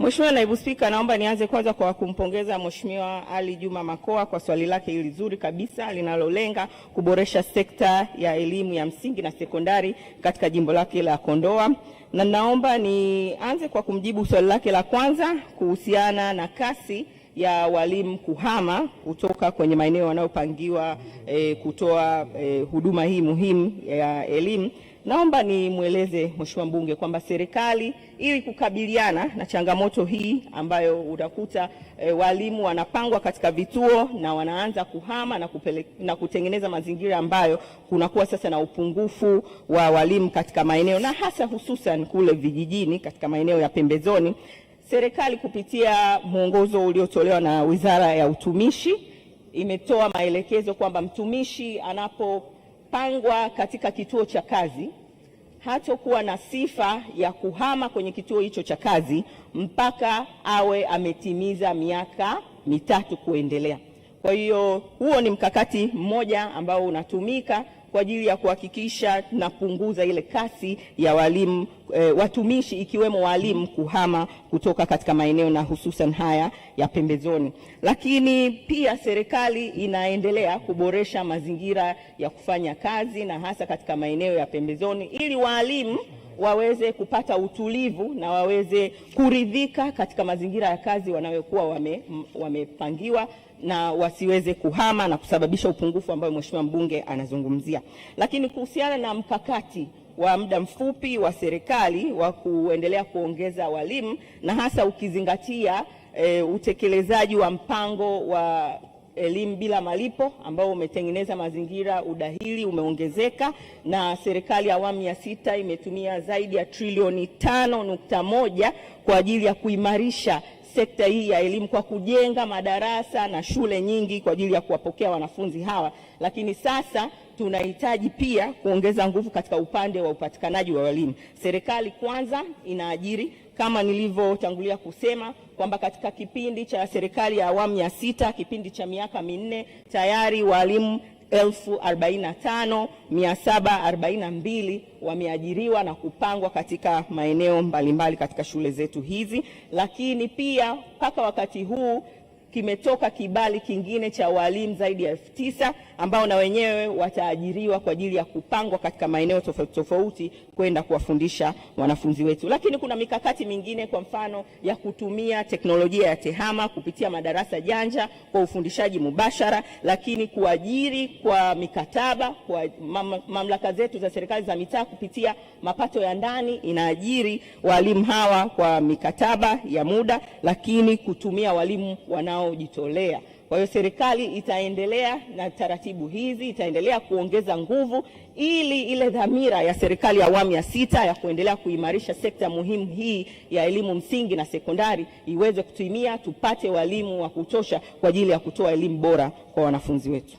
Mheshimiwa Naibu Spika, naomba nianze kwanza kwa kumpongeza Mheshimiwa Ali Juma Makoa kwa swali lake hili zuri kabisa linalolenga kuboresha sekta ya elimu ya msingi na sekondari katika jimbo lake la Kondoa, na naomba nianze kwa kumjibu swali lake la kwanza kuhusiana na kasi ya walimu kuhama kutoka kwenye maeneo wanayopangiwa e, eh, kutoa e, huduma hii muhimu ya elimu. Naomba nimweleze Mheshimiwa mbunge kwamba serikali ili kukabiliana na changamoto hii ambayo utakuta e, walimu wanapangwa katika vituo na wanaanza kuhama na, kupele, na kutengeneza mazingira ambayo kunakuwa sasa na upungufu wa walimu katika maeneo na hasa hususan kule vijijini katika maeneo ya pembezoni. Serikali kupitia mwongozo uliotolewa na Wizara ya Utumishi imetoa maelekezo kwamba mtumishi anapopangwa katika kituo cha kazi hatokuwa na sifa ya kuhama kwenye kituo hicho cha kazi mpaka awe ametimiza miaka mitatu kuendelea. Kwa hiyo huo ni mkakati mmoja ambao unatumika kwa ajili ya kuhakikisha tunapunguza ile kasi ya walimu e, watumishi ikiwemo walimu kuhama kutoka katika maeneo na hususan haya ya pembezoni. Lakini pia serikali inaendelea kuboresha mazingira ya kufanya kazi na hasa katika maeneo ya pembezoni ili walimu waweze kupata utulivu na waweze kuridhika katika mazingira ya kazi wanayokuwa wame, wamepangiwa na wasiweze kuhama na kusababisha upungufu ambayo mheshimiwa mbunge anazungumzia. Lakini kuhusiana na mkakati wa muda mfupi wa serikali wa kuendelea kuongeza walimu na hasa ukizingatia e, utekelezaji wa mpango wa elimu bila malipo ambao umetengeneza mazingira udahili umeongezeka, na serikali ya awamu ya sita imetumia zaidi ya trilioni tano nukta moja kwa ajili ya kuimarisha sekta hii ya elimu kwa kujenga madarasa na shule nyingi kwa ajili ya kuwapokea wanafunzi hawa, lakini sasa tunahitaji pia kuongeza nguvu katika upande wa upatikanaji wa walimu. Serikali kwanza inaajiri kama nilivyotangulia kusema kwamba katika kipindi cha serikali ya awamu ya sita, kipindi cha miaka minne, tayari walimu elfu arobaini tano mbili wameajiriwa na kupangwa katika maeneo mbalimbali katika shule zetu hizi, lakini pia mpaka wakati huu kimetoka kibali kingine cha walimu zaidi ya elfu tisa ambao na wenyewe wataajiriwa kwa ajili ya kupangwa katika maeneo tofauti tofauti kwenda kuwafundisha wanafunzi wetu. Lakini kuna mikakati mingine, kwa mfano ya kutumia teknolojia ya TEHAMA kupitia madarasa janja kwa ufundishaji mubashara, lakini kuajiri kwa mikataba kwa mam mamlaka zetu za serikali za mitaa kupitia mapato ya ndani inaajiri walimu hawa kwa mikataba ya muda, lakini kutumia walimu wana wanaojitolea. Kwa hiyo serikali itaendelea na taratibu hizi, itaendelea kuongeza nguvu ili ile dhamira ya serikali ya awamu ya sita ya kuendelea kuimarisha sekta muhimu hii ya elimu msingi na sekondari iweze kutimia, tupate walimu wa kutosha kwa ajili ya kutoa elimu bora kwa wanafunzi wetu.